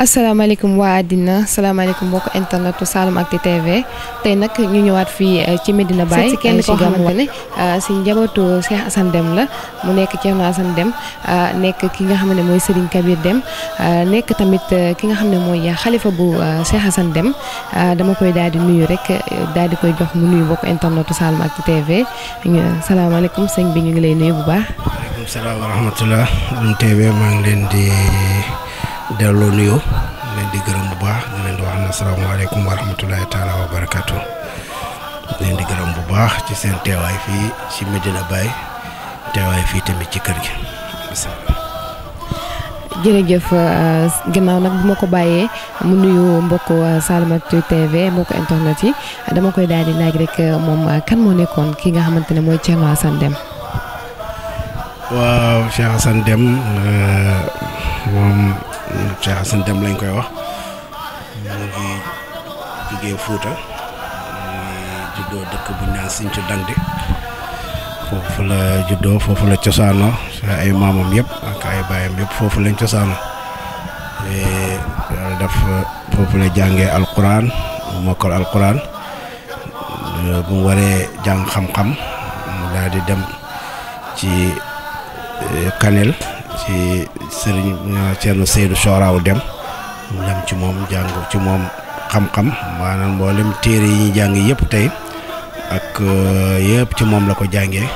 asalaamaaleykum waa àddina asalaamaaleykum mbokk internet Saloum ak TV tey nag ñu ñëwaat fii eh, ci Medina Baye ci kenn eh, koo xamante ne eh, si njabootu Cheikh la mu nekk Thierno asan dem nekk ki nga xam ne mooy Serigne Kabir Dème nekk tamit ki nga xam ne mooy xalifa bu Cheikh Assane dem dama koy daal di nuyu rek daal di koy jox mu nuyu mbokk internet Saloum ak TV ñu salaamaaleykum sëñ bi ñu ngi lay nuyu bu baax. salaam delloo nuyoo leen di gërëm bu baax leen di wax na asalaamaaleykum wa rahmatulahi taala wa leen di gërëm bu baax ci seen teewaay fii ci Medina Baye teewaay fii tamit ci kër gi bisimilah. jërëjëf euh, ginnaaw nag bu ma ko bàyyee mu nuyu mbokk euh, Salamactu TV mbokk internet yi dama koy daal di laaj rek euh, moom kan moo nekkoon ki nga xamante ne mooy Thierno Assane Dème. waaw Cheikh Assane Dème moom. Cheikh Assane lañ koy wax mu ngi jugee Fuuta mu juddoo dëkk bu ñaan Sinthiou Dande foofu la juddoo foofu la cosaanoo ay maamam yëpp ak ay baayam yëpp foofu lañ cosaanoo daf foofu la jàngee alquran mokkal alquran bu mu waree jàng xam-xam mu di dem ci eh, Kanel. ci sëriñ Thierno Seydou Soraw dem mu dem ci moom jàng ci moom xam-xam maanaam mboolem téere yi ñuy jàng yëpp tey ak euh, yëpp ci moom la ko jàngee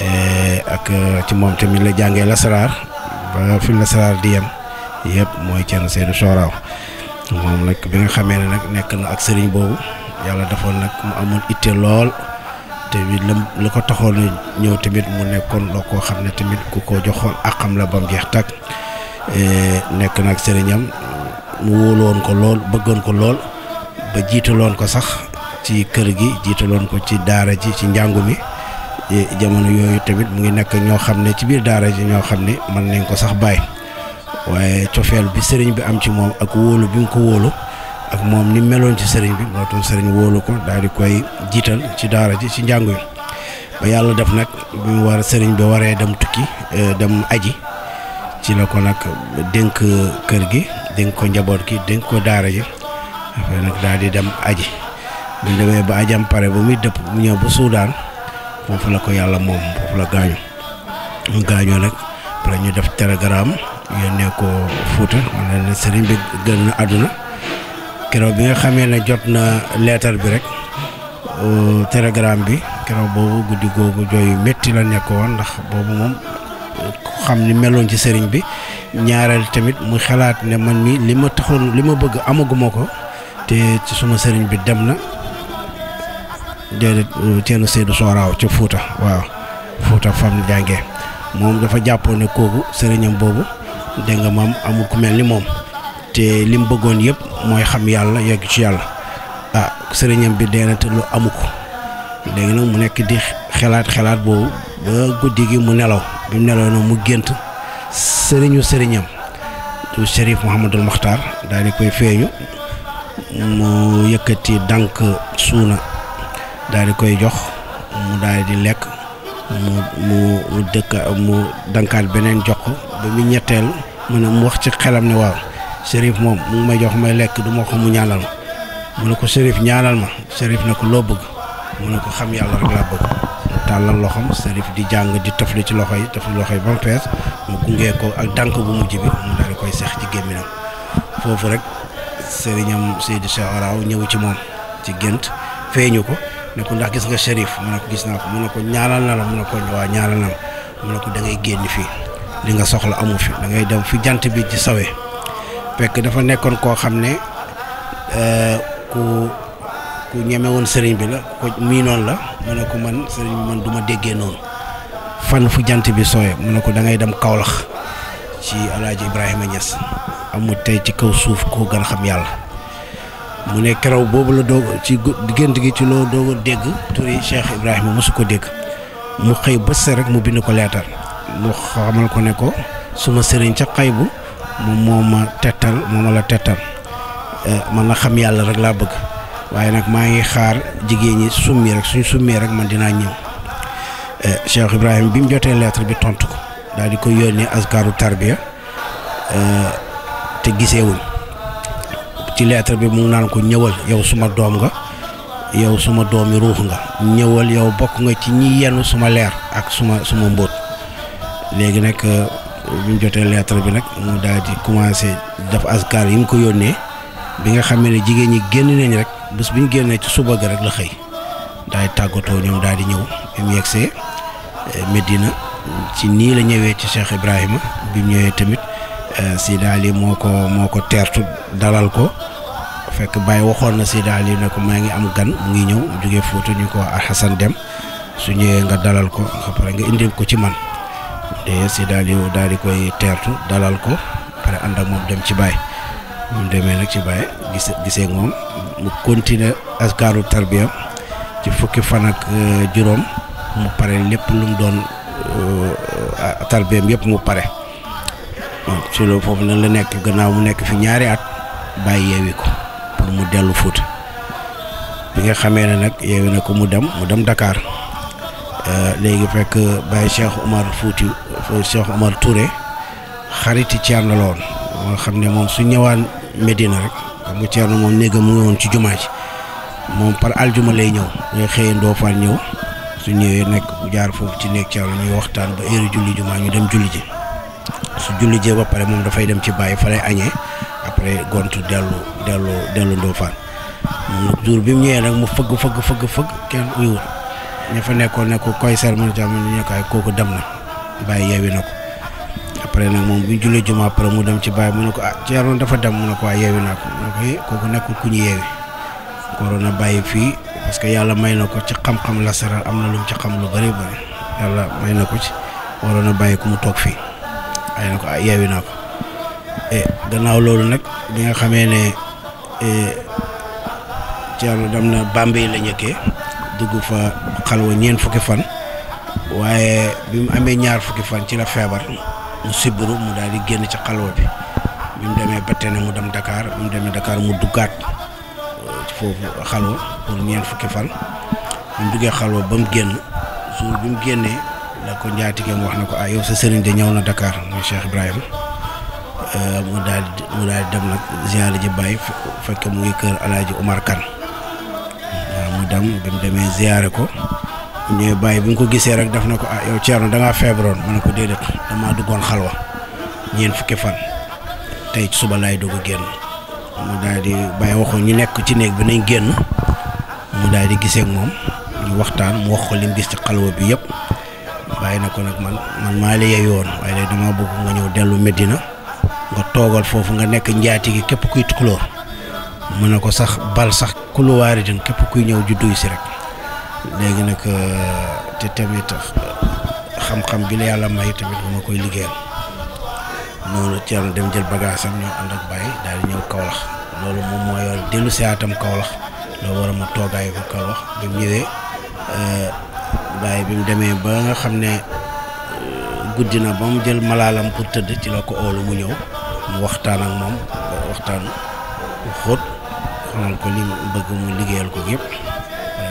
eh, ak euh, ci moom tamit la jàngee lasaraar ba fi lasaraar di yem yëpp mooy Thierno Seydou Soraw moom nag bi nga xamee nag nekk na ak sëriñ boobu yàlla defoon nag mu amoon itte lool. te lam la ko taxoon ñëw tamit mu nekkoon loo koo xam ne tamit ku ko joxoon àqam la ba mu jeex tàkk e, nekk nag sëriñam mu wóoloon ko lool bëggoon ko lool ba jiitaloon ko sax ci kër gi jiitaloon ko ci daara ji ci njàngu mi e, jamono yooyu tamit mu ngi nekk ñoo xam ne ci biir daara ji ñoo xam ne mën nañ ko sax bàyyi waaye cofeel bi sëriñ bi am ci moom ak wóolu bi mu ko wóolu ak moom ni meloon ci sëriñ bi moo tax sëriñ wóolu ko daal di koy jiital ci daara ji ci njàngu ba yàlla def nag bi mu war sëriñ bi waree dem tukki euh, dem aji ci la ko nag dénk kër gi dénk ko njaboot gi dénk ko daara ji affaire nag daal di dem aji bu demee ba ajam pare ba muy dëpp mu ñëw ba Suudaan foofu la ko yàlla moom foofu la gaañu mu gaañoo nag après ñu def télégramme yónnee ko Fuuta wala sëriñ bi gën na àdduna keroog bi nga xamee ne jot na leetar bi rek euh, télégramme bi keroog boobu guddi googu jooyu métti la nekkoon ndax boobu moom xam ni meloon ci sëriñ bi ñaareel tamit mu xalaat ne man mi li ma taxoon li ma bëgg amaguma ko te ci suma sëriñ bi dem na déedéet euh, Thierno Seydou Sooraaw ca Fuuta waaw Fuuta fam jànge moom dafa jàppoon ne kooku sëriñam boobu dégg nga amul ku mel ni moom te li mu bëggoon yëpp mooy xam yàlla yegg ci yàlla ah sëriñam bi dee na te lu amu ko léegi nag mu nekk di xelaat xelaat boobu ba guddi gi mu nelaw bi mu nelaw na mu gént sëriñu sëriñam du Chérif Mouhamadul Makhtar daal di koy feeñu mu yëkkati dànk suuna daal di koy jox di lekk mu mu mu dëkka mu dànkaat beneen jox ko ba mu ñetteel mu wax ci xelam ne waaw Serif moom mu ngi may jox may lekk duma ko mu ñaanal ma mu ne ko Serif ñaanal ma Serif ne ko loo bëgg mu ne ko xam yàlla rek laa bëgg mu tàllal loxoom Serif di jàng di tofli ci loxo yi tofli loxo yi ba mu fees mu gungee ko ak dànk bu mujj bi mu daal di koy seex ci gémminam foofu rek sëriñam Seydou Cheikh Araw ñëw ci moom ci gént feeñu ko ne ko ndax gis nga Serif mu ne ko gis naa ko mu ne ko ñaanal na la mu ne ko waa ñaanal na la mu ko da génn fii li nga soxla amu fi da ngay dem fi jant bi ci sawee fekk dafa nekkoon koo xam ne euh, ku ku ñeme woon sëriñ bi la ko miinoon la mu ne ko man sëriñ bi man du ma déggee noonu fan fu jant bi sooye mu ne ko da ngay dem Kaolack ci alaaji Ibrahima Niass amul tey ci kaw suuf koo gën xam yàlla mu ne keroog boobu la doog ci diggante gi ci loo doog dégg turi Cheikh Ibrahima mosu ko dégg mu xëy bës rek mu bind ko leetar mu xamal ko ne ko suma sëriñ ca xaybu moom tetal ma tettal moo ma la tettal eh, man la xam yalla rek la bëgg waye nak ma ngi xaar jigéen ñi summi rek suñu summee rek man dinaa ñëw eh, Cheikh ibrahim bi mu jotee lettre bi tontu ko dal di ko yoni azkaru tarbiya eh, te wul ci lettre bi mu naan ko ñewal yow suma dom nga yow suma domi ruh nga ñewal yow bok nga ci ñi yenu suma lèr ak suma suma mbot légui nak bi ñu jotee lettre bi nag mu daal di commencé def askar yi mu ko yónnee bi nga xamee ne jigéen ñi génn nañ rek bés bi ñu génnee ci suba ga rek la xëy daay tàggatoo ñoom daal di ñëw bi mu yegsee eh, Medina ci nii la ñëwee ci Cheikh Ibrahima bi mu ñëwee tamit eh, si daal yi moo ko moo ko teertu dalal ko fekk Baye waxoon na si daal yi ne ko maa ngi am gan mu ngi ñëw jógee Fouta ñu ko Alxasan dem su ñëwee nga dalal ko après nga indil ko ci man. DRC daal yi daal di koy teertu dalal ko pare ànd ak moom dem ci Baye moom demee nag ci Baye gise gisee moom mu continuer askaaru tarbiya ci fukki fan ak euh, juróom mu pare lépp lu mu doon euh, tarbiyaam yëpp mu pare waaw loolu foofu nag la nekk gannaaw mu nekk fi ñaari at Baye yeewi ko pour mu dellu Fuuta bi nga xamee ne nag yeewi na ko mu dem mu dem ndakaar Euh, léegi fekk Baye Cheikh Omar Fouti euh, Cheikh Omar Touré xariti Thierno la woon moo xam ne moom su ñëwaan Medina rek mu nga Thierno moom néegam mu ngi woon ci jumaa ji moom par aljuma lay ñëw ñooy xëye Ndofane ñëw su ñëwee nekk bu jaar foofu ci néeg Thierno ñuy waxtaan ba heure julli jumaa ñu dem julli ji su julli jee ba pare moom dafay dem ci Baye fa lay añee après gontu dellu dellu dellu Ndofane jour bi mu ñëwee nag mu fëgg fëgg fëgg fëgg kenn uyul ña fa nekkoon ne ko koy sel man jàmm ñu kooku dem na bàyyi yeewi na ko après nag moom bu ñu jullee juma après mu dem ci bàyyi mu ne ko ah Thierno dafa dem mu ko waaye ah, yeewi eh, kooku nekkul ku ñu ko waroon a bàyyi fii parce que yàlla may na ko ci xam-xam lasaraar am na lu ci xam lu bëri bëri yàlla may na ko ci waroon a bàyyi ku mu toog fii waaye ko ah yeewi naa ko eh, gannaaw loolu nag bi nga xamee ne Thierno eh, dem na Bambey la ñëkkee dugg fa xalwa ñeent fukki fan waaye bi mu amee ñaar fukki fan ci la feebar mu sibiru mu daal di génn ci xalwa bi bi mu demee Bétténe mu dem dakaar bi mu demee Dakar mu duggaat euh, foofu xalwa pour ñeent fukki fan bi mu duggee xalwa ba mu génn jour bi mu génnee la ko njaatigéem wax na ko ah yow sa sëriñ de ñëw na Dakar mooy Cheikh Ibrahima euh, mu daal mu daal dem nag ziyaara ji bàyyi fekk mu ngi kër Alaaji Omar Kan dam bi mu demee ziyaare ko ñooy bàyyi bi mu ko gisee rek daf na ko ah yow Thierno da feebaroon mu ne ko déedéet damaa duggoon xalwa ñeent fukki fan tey suba laay dugg génn mu daal di bàyyi ñu nekk ci néeg bi génn mu daal di gisee moom ñu waxtaan mu wax ko li gis ci xalwa bi yëpp bàyyi na ko nag man man maa la yeeyu woon waaye dama bëgg nga ñëw dellu Medina nga toogal foofu nga nekk njaati gi képp kuy tukulóor mu ne ko sax bal sax kuluwaari jën képp kuy ñëw duy si rek léegi nag euh, te tamit xam-xam bi la yàlla may tamit mu koy liggéeyal noonu ci yàlla dem jël bagage am ñoo ànd ak bàyyi daal di ñëw kawlax loolu moom moo yor dellu seetam kawlax loolu war a ma toogaayu ko kawlax bi mu ñëwee euh, bàyyi bi mu demee ba nga xam ne euh, guddi na ba mu jël malaalam pour tëdd ci la ko oolu mu ñëw mu waxtaan ak moom waxtaan xóot xamal ko li mu bëgg ko yëpp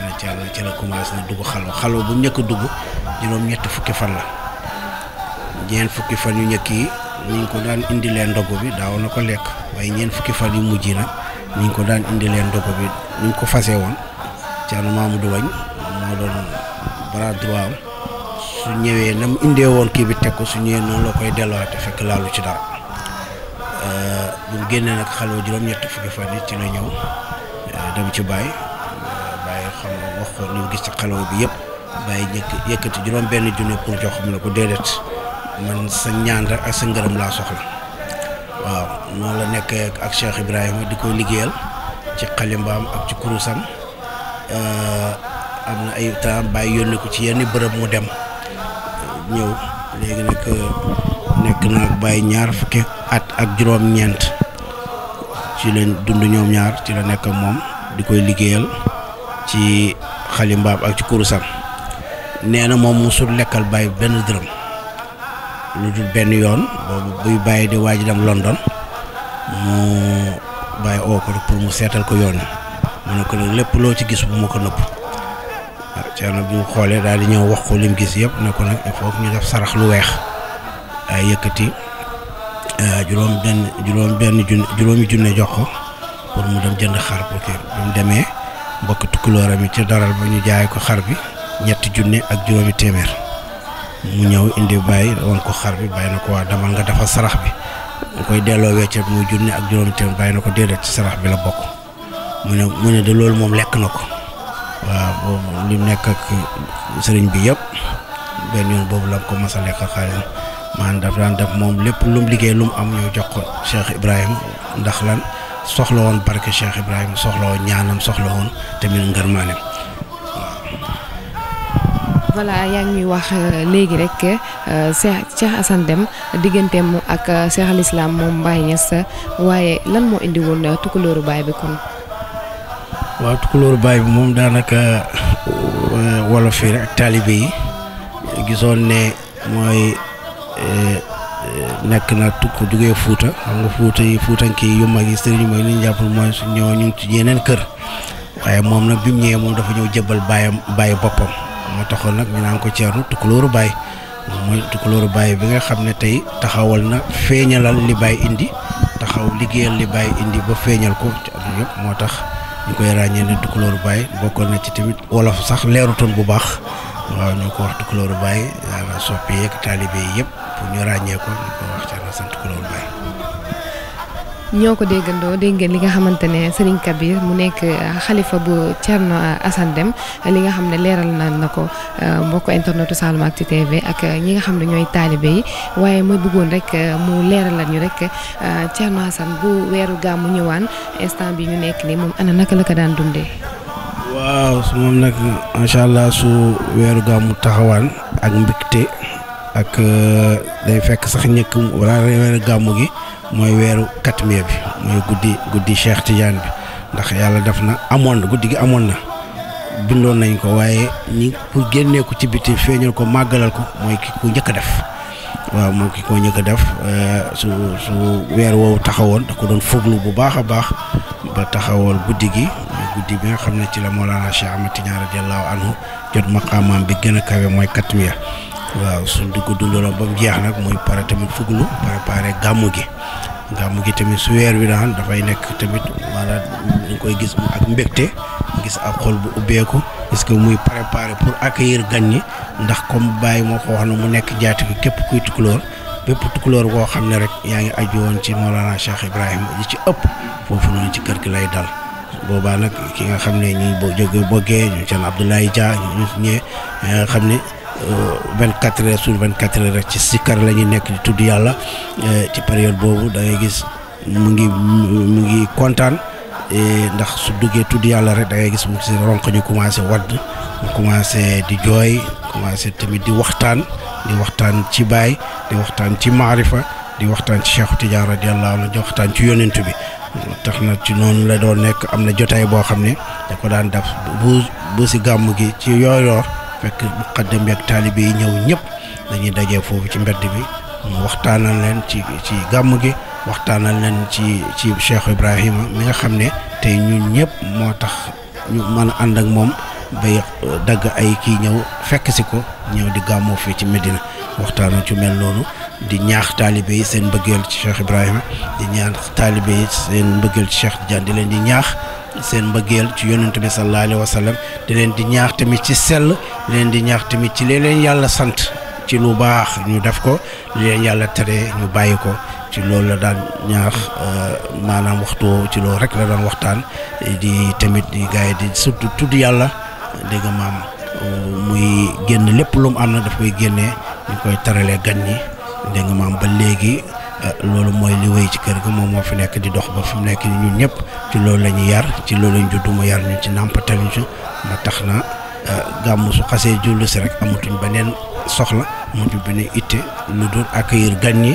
na ca la ca la bu njëkk dugg juróom fukki fan la ñeent fukki fan yu njëkk yi ko daan indi leen ndogu bi daaw na ko lekk waaye ñeent fukki fan yu mujj na ni ko daan indi leen ndogu bi ni ko fase woon Thierno Mamadou Wagne moo doon bras su ñëwee na indee woon kii bi teg ko su ñëwee noonu la koy delluwaate fekk laalu ci dara Euh, bu mu génnee nag xaloo juróom ñett fukki fan ci la ñëw euh, dem ci Baye euh, Baye xam wax ko li mu gis ci xaloo bi yëpp Baye yëkk yëkkati juróom benn junne pour jox mu ne ko déedéet man sa ñaan rek ak sa ngërëm laa soxla waaw noonu la nekkee ak Cheikh Ibrahima di ko liggéeyal ci xalimbaam ak ci kurusam am na ay temps Baye yónni ko ci yenn bërëb mu dem ñëw léegi nag ñaar fukki at ak juróom-ñeent ci lañ dund ñoom ñaar ci la nekk moom di koy liggéeyal ci xalimbaab ak ci kurusam nee na moom musul lekkal bàyyi benn dërëm ñu dul benn yoon boobu buy bàyyi di waaj dem London mu bàyyi oo ko pour mu seetal ko yoon mu ne lépp loo ci gis bu ma ko nëbb ah, nag bi mu xoolee daal di ñëw wax ko lim gis yëpp ne ko nag il ñu def sarax lu weex ay yëkkati Eh, juróom benn juróom benn junne juróomi junne jox ko pour mu dem jënd xar pour que mu demee mbokk tukkulooram yi ca daral ba ñu jaay ko xar bi ñetti junne ak juróomi téeméer mu ñëw indi bàyyi woon ko xar bi bàyyi na ko waa demal nga defal sarax bi mu koy delloo wecce muy ak juróomi téeméer bàyyi na ko déedéet ci sarax bi la bokk mu ne mu ne de loolu moom lekk na ko waaw boobu nekk ak sëriñ bi yëpp benn boobu la ko mas a lekk xaalis maan daf daan def moom lépp lu liggéey lu mu am ñu jox ko Cheikh ndax lan soxla woon barke Cheikh Ibrahima soxla woon ñaanam soxla woon tamit ngërmaaneem ñuy wax euh, léegi rek euh, Cheikh Cheikh ak euh, Cheikh al moom Baye Niass waaye lan moo indi woon tukkulóoru baay bi kon. waaw tukkulóoru baay bi moom daanaka wolof yi ak taalibe yi gisoon ne mooy nekk na tukk jógee Fuuta xam nga Fuuta yi Fuutanke yu mag yi sëriñ yu mag li mooy su ñëw ñu ngi ci yeneen kër waaye moom nag bi ñëwee moom dafa ñëw jëbbal baayam bàyyi boppam moo taxoon nag ñu naan ko Ceerno Tukulóoru Baay moom mooy Tukulóoru Baay bi nga xam ne tey taxawal na feeñalal li indi taxaw liggéeyal li Baay indi ba feeñal ko ci am yëpp moo tax ñu koy ràññee ne Tukulóoru Baay bokkoon na ci tamit wolof sax leerutoon bu baax waaw ñoo ko wax Tukulóoru Baay soppi yeeg taalibe yi yëpp pour ko ñoo ko déggandoo dégg ngeen li nga xamante ne Serigne Kabir mu nekk euh, xalifa bu Thierno Assane Deme li nga xam ne leeral na na ko euh, mbokk internetu Saloum Actu TV ak euh, ñi nga xam ne ñooy taalibe yi waaye ma bëggoon rek mu leeralal ñu rek Thierno Assane bu weeru gàmmu ñëwaan instant bi ñu nekk nii moom ana naka la ko daan dundee. waaw su moom nag macha allah su weeru gàmmu taxawaan ak mbégte ak euh, day fekk sax ñëkk wala weeru gàmmu gi mooy weeru katmiya bi mooy guddi guddi Cheikh Tidiane bi ndax yàlla def na amoon na guddi gi amoon na bindoon nañ ko waaye ñi pour génnee ko ci bitim feeñal ko màggalal ko mooy ki ko njëkk a def waaw moom ko njëkk a def euh, su su weer woowu taxawoon da ko doon fuglu bu baax a baax ba taxawal guddi gi guddi bi nga xam ne ci la Mawlana Cheikh Ahmad Tidiane radiallahu anhu jot maqaamaam bi gën a kawe mooy katmiya waaw suñ dugg dundaloon ba mu jeex nag muy pare tamit fuglu préparé gàmmu gi gàmmu gi tamit su weer wi daan dafay nekk tamit maanaam ñu koy gis ak mbégte gis ak xol bu ubbeeku parce que muy préparé pour accueillir gan ñi ndax comme bàyyi moo ko wax na mu nekk jaati bi képp kuy tukulóor bépp tukulóor boo xam ne rek yaa ngi aju woon ci Mawlana Cheikh Ibrahima li ci ëpp foofu noonu ci kër gi lay dal boobaa nag ki nga xam ne ñi boo jóge boggee ñu seen Abdoulaye Dia ñu xam ne 24 euh, heures sur 24 heures rek ci sikkar la ñuy nekk di tudd yàlla euh, ci période boobu da ngay gis mu ngi mu ngi kontaan ndax su duggee tudd yàlla rek dangay gis mu ngi si ronk ñu commencé wadd mu commencé di jooy commencé tamit di waxtaan di waxtaan ci baay di waxtaan ci maarifa di waxtaan ci Cheikh Tidiane radiyallahu anhu di waxtaan ci yonent bi tax na ci noonu la doon nekk am na jotaay boo xam ne da ko daan def bu bu gi ci yooyoor fekk muqaddam yeeg taalibe yi ñëw ñëpp lañuy dajee foofu ci mbedd bi mu waxtaanal leen ci ci gàmm gi waxtaanal leen ci ci Cheikh Ibrahima mi nga xam ne tey ñun ñëpp moo tax ñu mën a ànd ak moom bay euh, dagg ay kii ñëw fekk si ko ñëw di gàmmoo fii ci Medina waxtaanal ci mel noonu di ñaax taalibe yi seen mbëggeel ci Cheikh Ibrahima di ñaax taalibe seen mbëggeel ci Cheikh di leen di ñaax seen mbëggeel ci yonent bi sallallahu alayhi wa sallam di leen di ñaax tamit ci sell leen di ñaax tamit ci li leen yàlla sant ci lu baax ñu def ko leen yàlla tere ñu bàyyi ko ci loolu la daan ñaax euh, maanaam waxtu ci loolu rek la daan waxtaan di tamit di gars di surtout tudd yàlla dégg nga maam euh, muy génn lépp lu mu am na daf koy génnee ñu koy taralee gan ñi dégg nga maam ba léegi loolu mooy li wéy ci kër ga moom moo fi nekk di dox ba fu mu nekk ni ñun ñëpp ci loolu la ñu yar ci loolu lañ judd mu yar ñu ci nàmpatal ñu ba tax na euh, gàmm su xasee julli si rek amatuñ beneen soxla amatuñ beneen itte lu dul accueillir gan yi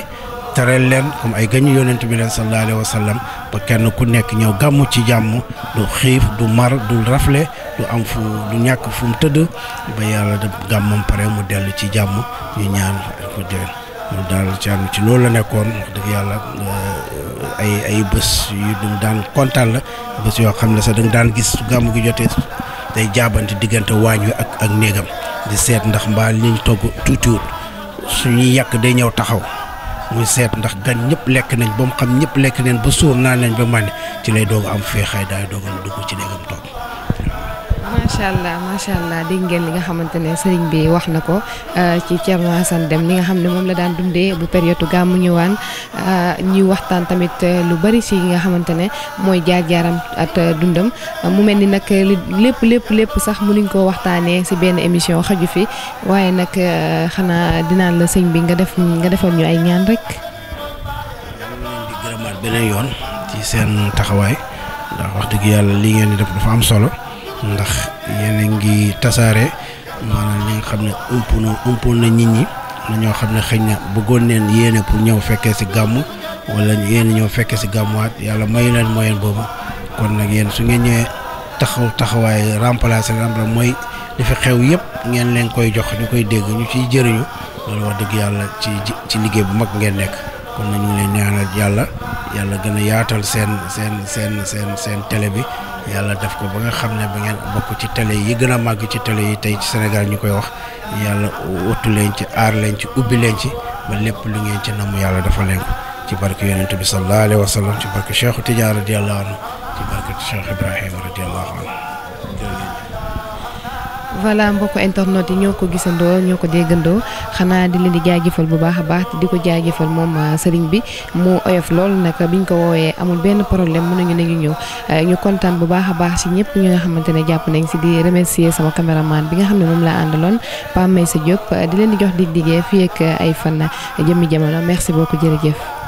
tareel leen comme ay gan yu yonent bi leen sallallahu alayhi wa sallam ba kenn ku nekk ñëw gàmmu ci jàmm du xiif du mar du rafle du am fu du ñàkk fu mu tëdd ba yàlla de gàmmam pare mu dellu ci jàmm ñu ñaan ko déwén loolu daal Thierno ci loolu la nekkoon wax yàlla euh, ay ay bés yu dum daan kontaan la bés yoo xam ne sa da daan gis gàmm gi jotee day jaabante diggante waañ wi ak ak néegam di seet ndax mbaa liñ togg su suñuy yàq day ñëw taxaw muy seet ndax gan ñëpp lekk nañ ba mu xam ñëpp lekk nañ ba suur naa nañ ba màndi ci lay doog am feexaay daay doogal dugg ci néegam toog macha allah macha allah dégg ngeen li nga xamante ne sëriñ bi wax na ko euh, ci Thierno Hassane Dème li nga xam ne la daan dundee bu période gàmmu ñëwaan euh, ñuy waxtaan tamit euh, lu bari si nga xamante ne jaar-jaaram at dundam mu mel ni nag lépp lépp lépp sax mënuñ koo waxtaanee si benn émission xaju fi waaye nag xanaa dinaan la sëñ bi nga def nga defal ñu ay ñaan rek. di gërëmaat beneen yoon ci seen taxawaay ndax wax dëgg yàlla li ngeen di def dafa am solo ndax yene ngi tasaare manam li nga umpu ne na umpul na nit ñi na ñoo xamne ne bu na yene pour ñew fekke ci gamu wala yéen fekke ci gamu wat yalla may leen moyen bobu kon nak yene su ngeen ñewé taxaw taxaway remplacer remplacer moy li fi xew yépp ngeen leen koy jox ñu koy dégg ñu ci jëriñu loolu wax dëgg yalla ci ci liggéey bu mag ngeen nek kon nañu leen ñaanal yalla yalla gëna yaatal sen sen sen sen sen télé bi yàlla def ko ba nga xam ne ba ngeen bokk ci télé yi gën màgg ci télé yi tey ci Sénégal ñu koy wax yàlla wattu leen ci aar leen ci ubbi leen ci ba lépp lu ngeen ci namm yàlla dafa leen ko ci barke yonent bi sallallahu alayhi wa sallam ci barke Cheikh Tidiane radiyallahu anhu ci barke Cheikh Ibrahima radiyallahu anhu voilà mbokk internet yi ñoo ko gisandoo ñoo ko déggandoo xanaa di leen di jaajëfal bu baax a baax di ko jaajëfal moom ah, sëriñ bi mu oyof lool nag bi ñu ko woowee amul benn problème mënuñu nañu ñëw ah, ñu kontaan bu baax a baax si ñëpp ñi nga xamante ne jàpp nañ si di remercier sama caméraman bi nga xam ne moom laa àndaloon Pam Maysa Diop ah, di leen di jox dig digee fii ak ay fan jëmmi jamono merci beaucoup jërëjëf.